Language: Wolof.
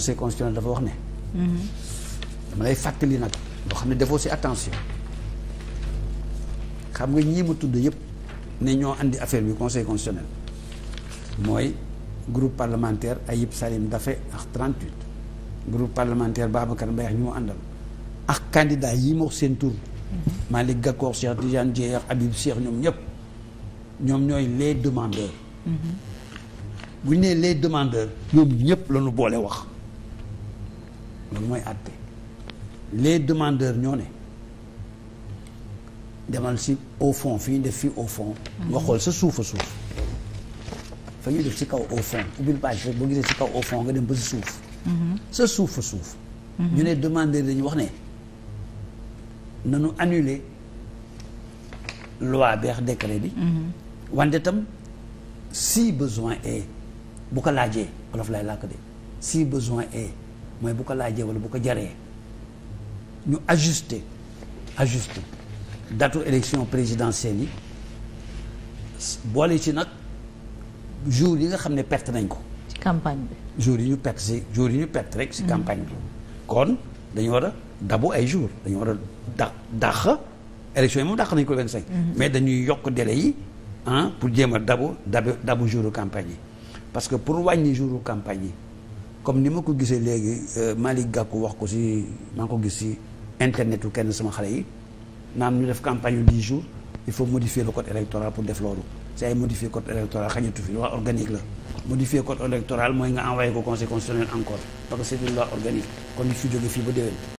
conseil constitutionnel dafa wax ne. Mhm. dama lay fàttali nag loo xam ne defoo si attention xam nga ñii ma tudd yëpp ne ñoo andi affaire bi conseil constitutionnel mooy groupe parlementaire Ayib Salim Daffé ak 38 groupe parlementaire Babacar Mbaye ak ñu mu àndal ak candidat yii ma wax seen tur. Mhm. Malick Gakou Cheikh Tidiane Dièye ak Habib Cheikh ñoom ñëpp ñoom ñooy les demandeurs. Mhm. bu ñu nee les demandeurs ñoom ñëpp la boole wax. loolu mooy àtte les demandeurs ñoo ne demal si au fi fii def fii au fond nga mhm. xool sa suuf a suuf fa mhm. suuf a suuf mhm. ñu ne demandeur dañu wax ne nanu annuler loi beex décret bi wante tam si besoin est bu ko laajee olof lay làkk de si besoin est mooy bu ko laajee wala bu ko jaree ñu ajuster ajuster datu élection présidentielle yi boole si nag jour yi nga xam ne perte nañ ko. ci campagne bi. jour yi ñu perte si jour yi ñu perte rek si mhm. campagne bi. kon dañu war a dabu ay jour dañu war a da dàq élection yi moom dàq nañ ko le 25. Mhm. mais dañuy yokk délai yi pour jéem a dabu dabu dabu jouru campagne yi parce que pour wàññi jouru campagne yi. comme ni ma ko gisee léegi euh, Malick gàkku wax ko si maa ngi ko gis si internet wu kenn sama xale yi naam ñu def campagne yu jour jours il faut modifier le code électoral pour def loolu c'est ay modifier code électoral xañatu fi loi organique la modifier code électoral mooy nga envoyé ko conseil constitutionnel encore parce que si une loi organique kon fi jóge fii ba déwén